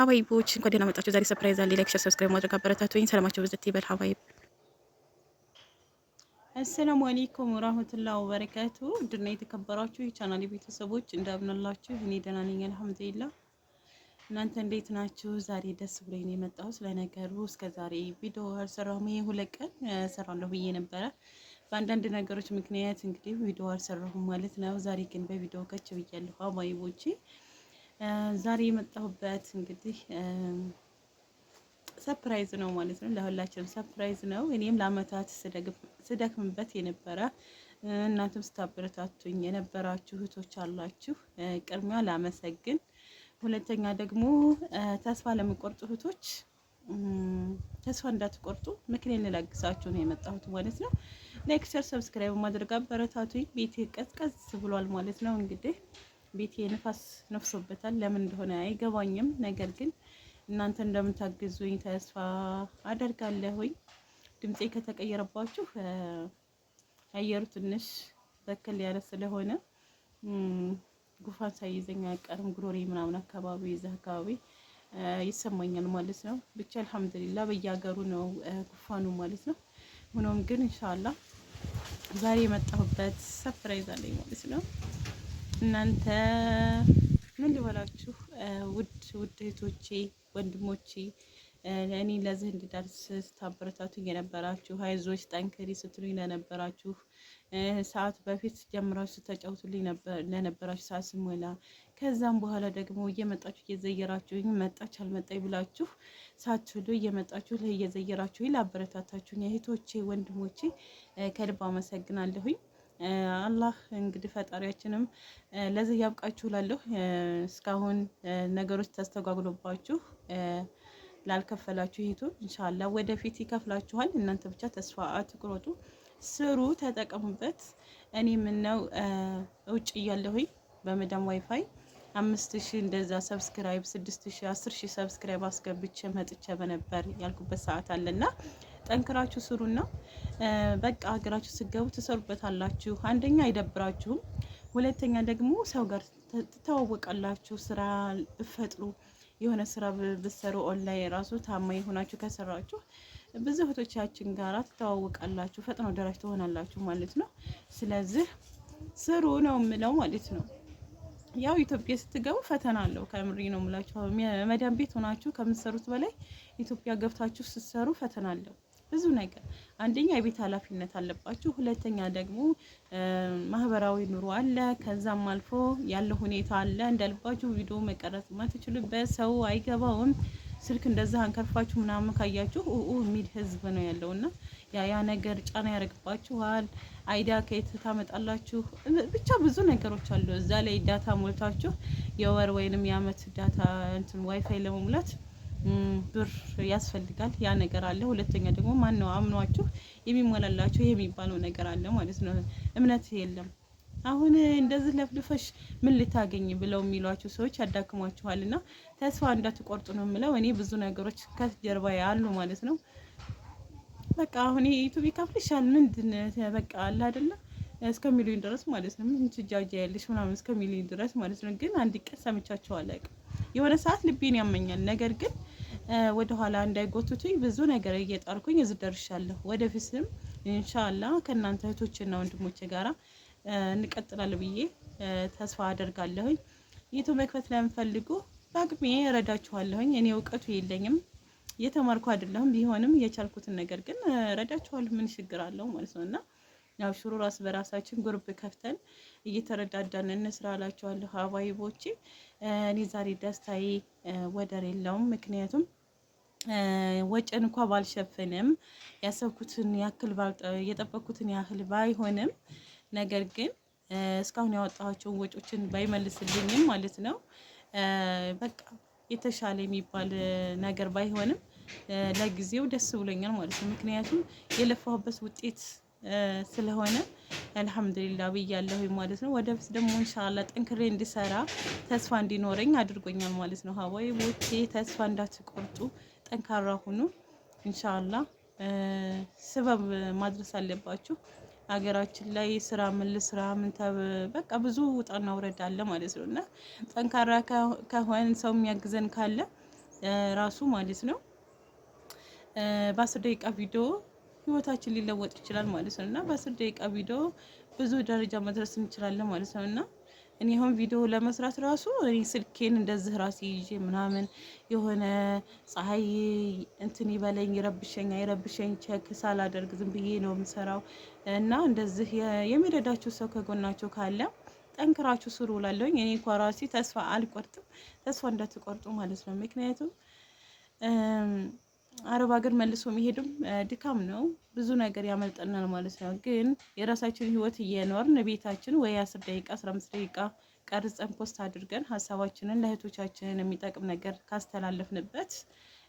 ሀዋይቦች እንኳን ደህና መጣችሁ። ዛሬ ሰርፕራይዝ አለ። ላይክ፣ ሼር፣ ሰብስክራይብ ማድረግ አበረታቱኝ። ሰላማችሁ ብዝት ይበል። ሀዋይብ አሰላሙ አለይኩም ወራህመቱላሂ ወበረካቱ። ድና የተከበራችሁ የቻናል ቤተሰቦች እንዳምናላችሁ፣ እኔ ደህና ነኝ አልሐምዱሊላህ። እናንተ እንዴት ናችሁ? ዛሬ ደስ ብሎኝ ነው የመጣሁ። ስለነገሩ እስከ ዛሬ ቪዲዮ አልሰራሁም። ይሄ ሁለት ቀን ሰራለሁ ብዬ ነበረ በአንዳንድ ነገሮች ምክንያት እንግዲህ ቪዲዮ አልሰራሁም ማለት ነው። ዛሬ ግን በቪዲዮ ከቸው እያለሁ ሀዋይቦቼ ዛሬ የመጣሁበት እንግዲህ ሰፕራይዝ ነው ማለት ነው። ለሁላችንም ሰፕራይዝ ነው። እኔም ለአመታት ስደክምበት የነበረ እናንተም ስታበረታቱኝ የነበራችሁ እህቶች አላችሁ። ቅድሚያ ላመሰግን፣ ሁለተኛ ደግሞ ተስፋ ለምቆርጡ እህቶች ተስፋ እንዳትቆርጡ ምክን እንላግሳችሁ ነው የመጣሁት ማለት ነው። ላይክ፣ ሸር፣ ሰብስክራይብ ማድረግ አበረታቱኝ። ቤት ቀዝቀዝ ብሏል ማለት ነው እንግዲህ ቤቴ ንፋስ ነፍሶበታል። ለምን እንደሆነ አይገባኝም። ነገር ግን እናንተ እንደምታግዙኝ ተስፋ አደርጋለሁኝ። ድምፄ ከተቀየረባችሁ አየሩ ትንሽ በከል ያለ ስለሆነ ጉፋን ሳይዘኝ አይቀርም። ጉሮሬ ምናምን አካባቢ የዛ አካባቢ ይሰማኛል ማለት ነው። ብቻ አልሐምዱሊላ በየሀገሩ ነው ጉፋኑ ማለት ነው። ሆኖም ግን ኢንሻአላህ ዛሬ የመጣሁበት ሰፕራይዝ አለኝ ማለት ነው። እናንተ ምን ሊበላችሁ ውድ ውድ እህቶቼ ወንድሞቼ እኔ ለዚህ እንድደርስ ስታበረታቱኝ የነበራችሁ ሀይዞች ጠንክሪ ስትሉኝ ለነበራችሁ ሰዓት በፊት ጀምራችሁ ስተጫውቱልኝ ለነበራችሁ ሰዓት ስሞላ ከዛም በኋላ ደግሞ እየመጣችሁ እየዘየራችሁኝ መጣች አልመጣኝ ብላችሁ ሳትሉ እየመጣችሁ እየዘየራችሁ ላበረታታችሁኝ እህቶቼ ወንድሞቼ ከልብ አመሰግናለሁኝ። አላህ እንግዲህ ፈጣሪያችንም ለዚህ ያብቃችሁ ላለሁ እስካሁን ነገሮች ተስተጓጉሎባችሁ ላልከፈላችሁ ይቱ እንሻላ ወደፊት ይከፍላችኋል። እናንተ ብቻ ተስፋ አትቁረጡ፣ ስሩ፣ ተጠቀሙበት። እኔ ምነው እውጭ እያለሁኝ በመዳም ዋይፋይ አምስት ሺ እንደዛ ሰብስክራይብ ስድስት ሺ አስር ሺ ሰብስክራይብ አስገብቼ መጥቼ በነበር ያልኩበት ሰዓት አለና ጠንክራችሁ ስሩና በቃ ሀገራችሁ ስገቡ ትሰሩበታላችሁ። አንደኛ አይደብራችሁም፣ ሁለተኛ ደግሞ ሰው ጋር ትተዋወቃላችሁ። ስራ ብፈጥሩ የሆነ ስራ ብሰሩ ኦንላይን ራሱ ታማኝ ሆናችሁ ከሰራችሁ ብዙ እህቶቻችን ጋራ ትተዋወቃላችሁ፣ ፈጥኖ ደራሽ ትሆናላችሁ ማለት ነው። ስለዚህ ስሩ ነው የምለው ማለት ነው። ያው ኢትዮጵያ ስትገቡ ፈተና አለው። ከምሪ ነው የምላችሁ። መዳን ቤት ሆናችሁ ከምትሰሩት በላይ ኢትዮጵያ ገብታችሁ ስትሰሩ ፈተና አለው። ብዙ ነገር አንደኛ የቤት ኃላፊነት አለባችሁ፣ ሁለተኛ ደግሞ ማህበራዊ ኑሮ አለ። ከዛም አልፎ ያለ ሁኔታ አለ። እንዳልባችሁ ቪዲዮ መቀረጽ ማትችሉበት ሰው አይገባውም። ስልክ እንደዛ አንከርፋችሁ ምናምን ካያችሁ ኡኡ የሚል ህዝብ ነው ያለውና ያ ያ ነገር ጫና ያደርግባችኋል። አይዲያ ከየት ታመጣላችሁ? ብቻ ብዙ ነገሮች አሉ። እዛ ላይ ዳታ ሞልታችሁ የወር ወይንም የአመት ዳታ እንትን ዋይፋይ ለመሙላት ብር ያስፈልጋል። ያ ነገር አለ። ሁለተኛ ደግሞ ማን ነው አምኗችሁ የሚሞላላችሁ የሚባለው ነገር አለ ማለት ነው። እምነት የለም። አሁን እንደዚህ ለፍልፈሽ ምን ልታገኝ ብለው የሚሏችሁ ሰዎች ያዳክሟችኋል። እና ተስፋ እንዳትቆርጡ ነው የምለው። እኔ ብዙ ነገሮች ከጀርባ ያሉ ማለት ነው። በቃ አሁን ዩቱብ ይከፍልሻል ምንድን በቃ አለ አይደለ ሚሊዮን ድረስ ማለት ነው። ምን ትጃጃ ያለሽ ምናምን ሚሊዮን ድረስ ማለት ነው። ግን አንድ ቀን ሰምቻቸው አላውቅም። የሆነ ሰዓት ልቤን ያመኛል። ነገር ግን ወደኋላ እንዳይጎትቱኝ ብዙ ነገር እየጣርኩኝ እዚህ ደርሻለሁ። ወደፊትም እንሻላ ከእናንተ እህቶችና ወንድሞች ጋራ እንቀጥላል ብዬ ተስፋ አደርጋለሁኝ። ዩቱብ መክፈት ለምፈልጉ በአቅሜ ረዳችኋለሁኝ። እኔ እውቀቱ የለኝም የተማርኩ አይደለሁም። ቢሆንም የቻልኩትን ነገር ግን ረዳችኋለሁ። ምን ችግር አለው ማለት እና ያው ሽሮ ራስ በራሳችን ጉርብ ከፍተን እየተረዳዳን እንስራ እላችኋለሁ። አባይቦቼ እኔ ዛሬ ደስታዬ ወደር የለውም። ምክንያቱም ወጪን እንኳ ባልሸፍንም ያሰብኩትን ያክል የጠበቅኩትን ያህል ባይሆንም ነገር ግን እስካሁን ያወጣኋቸውን ወጪዎችን ባይመልስልኝም ማለት ነው በቃ የተሻለ የሚባል ነገር ባይሆንም ለጊዜው ደስ ብሎኛል ማለት ነው። ምክንያቱም የለፋሁበት ውጤት ስለሆነ አልሐምዱሊላ ብያለሁ ማለት ነው። ወደፊት ደግሞ እንሻላ ጠንክሬ እንዲሰራ ተስፋ እንዲኖረኝ አድርጎኛል ማለት ነው። ሀዋይ ቦቼ ተስፋ እንዳትቆርጡ ጠንካራ ሁኑ። እንሻላ ስበብ ማድረስ አለባችሁ። ሀገራችን ላይ ስራ ምል ስራ ምን በቃ ብዙ ውጣና ውረድ አለ ማለት ነው። እና ጠንካራ ከሆን ሰው የሚያግዘን ካለ ራሱ ማለት ነው በአስር ደቂቃ ቪዲዮ ህይወታችን ሊለወጥ ይችላል ማለት ነው። እና በአስር ደቂቃ ቪዲዮ ብዙ ደረጃ መድረስ እንችላለን ማለት ነው እና እኔ አሁን ቪዲዮ ለመስራት ራሱ እኔ ስልኬን እንደዚህ ራሴ ይዤ ምናምን የሆነ ፀሐይ እንትን ይበለኝ ይረብሸኝ አይረብሸኝ ቸክ ሳላደርግ ዝም ብዬ ነው የምሰራው። እና እንደዚህ የሚረዳችሁ ሰው ከጎናችሁ ካለ ጠንክራችሁ ስሩ እላለሁኝ። እኔ እንኳ ራሴ ተስፋ አልቆርጥም፣ ተስፋ እንዳትቆርጡ ማለት ነው። ምክንያቱም አረብ ሀገር መልሶ መሄድም ድካም ነው። ብዙ ነገር ያመልጠናል ማለት ነው። ግን የራሳችን ህይወት እየኖርን ቤታችን ወይ አስር ደቂቃ አስራ አምስት ደቂቃ ቀርጸን ፖስት አድርገን ሀሳባችንን ለእህቶቻችንን የሚጠቅም ነገር ካስተላለፍንበት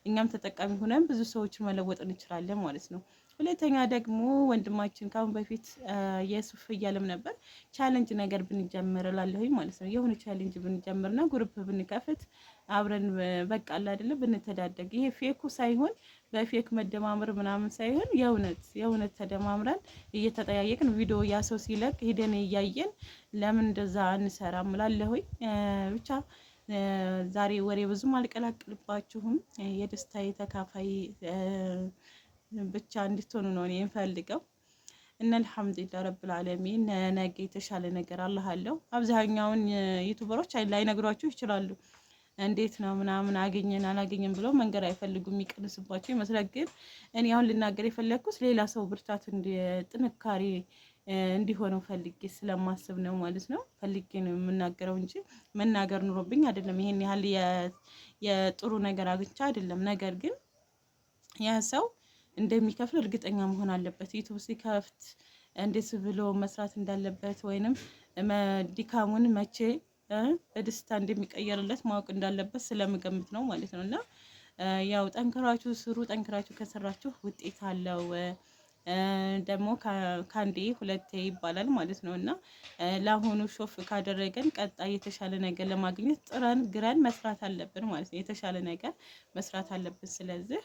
እኛም ተጠቃሚ ሆነን ብዙ ሰዎችን መለወጥ እንችላለን ማለት ነው። ሁለተኛ ደግሞ ወንድማችን ከአሁን በፊት የሱፍ እያለም ነበር ቻለንጅ ነገር ብንጀምር እላለሁኝ ማለት ነው። የሆነ ቻለንጅ ብንጀምርና ግሩፕ ብንከፍት አብረን በቃ አለ አይደለ ብንተዳደግ፣ ይሄ ፌኩ ሳይሆን በፌክ መደማመር ምናምን ሳይሆን የእውነት የእውነት ተደማምረን እየተጠያየቅን ቪዲዮ ያሰው ሲለቅ ሂደን እያየን ለምን እንደዛ እንሰራ እላለሁኝ ብቻ ዛሬ ወሬ ብዙም አልቀላቅልባችሁም። የደስታ የተካፋይ ብቻ እንድትሆኑ ነው እኔ የምፈልገው። እና አልሐምዱሊላህ ረብል ዓለሚን ነገ የተሻለ ነገር አላህ አለው። አብዛኛውን ዩቱበሮች ላይነግሯችሁ ይችላሉ። እንዴት ነው ምናምን አገኘን አላገኘን ብለው መንገድ አይፈልጉም፣ የሚቀንስባቸው ይመስላል። ግን እኔ አሁን ልናገር የፈለግኩት ሌላ ሰው ብርታት ጥንካሬ እንዲሆነው ፈልጌ ስለማስብ ነው ማለት ነው። ፈልጌ ነው የምናገረው እንጂ መናገር ኑሮብኝ አይደለም። ይሄን ያህል የጥሩ ነገር አግኝቻ አይደለም። ነገር ግን ያ ሰው እንደሚከፍል እርግጠኛ መሆን አለበት። ዩቱብ ሲከፍት እንዴት ብሎ መስራት እንዳለበት ወይንም ድካሙን መቼ በደስታ እንደሚቀየርለት ማወቅ እንዳለበት ስለምገምት ነው ማለት ነው። እና ያው ጠንክራችሁ ስሩ። ጠንክራችሁ ከሰራችሁ ውጤት አለው። ደግሞ ከአንዴ ሁለቴ ይባላል ማለት ነው እና ለአሁኑ ሾፍ ካደረገን ቀጣይ የተሻለ ነገር ለማግኘት ጥረን ግረን መስራት አለብን ማለት ነው። የተሻለ ነገር መስራት አለብን ስለዚህ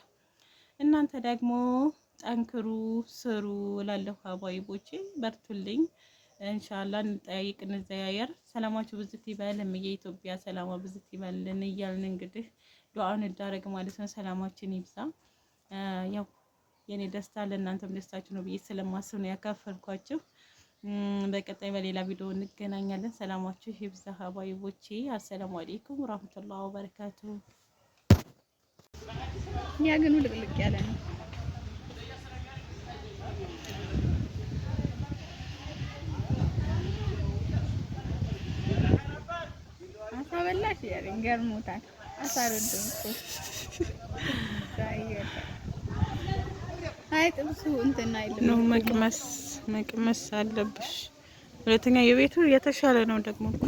እናንተ ደግሞ ጠንክሩ፣ ስሩ እላለሁ። አባይቦቼ በርቱልኝ። እንሻላ እንጠያይቅ፣ እንዘያየር። ሰላማችሁ ብዝት ይበልም የኢትዮጵያ ሰላማ ብዝት ይበልን እያልን እንግዲህ ዱዓ እንዳረግ ማለት ነው። ሰላማችን ይብዛ። ያው የኔ ደስታ ለእናንተም ደስታችሁ ነው ብዬ ስለማስብ ነው ያካፈልኳችሁ። በቀጣይ በሌላ ቪዲዮ እንገናኛለን። ሰላማችሁ ይብዛ ሀባይቦቼ። አሰላሙ አሌይኩም ወራህመቱላሂ ወበረካቱሁ። ያገኑ ልቅልቅ ያለ ነው። አሳ በላሽ ያለኝ ገርሞታል። አሳ እኮ አይ ጥብሱ እንትና ነው መቅመስ መቅመስ አለብሽ። ሁለተኛ የቤቱ የተሻለ ነው ደግሞ እኮ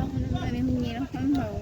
አሁንም እኔ ምን ነው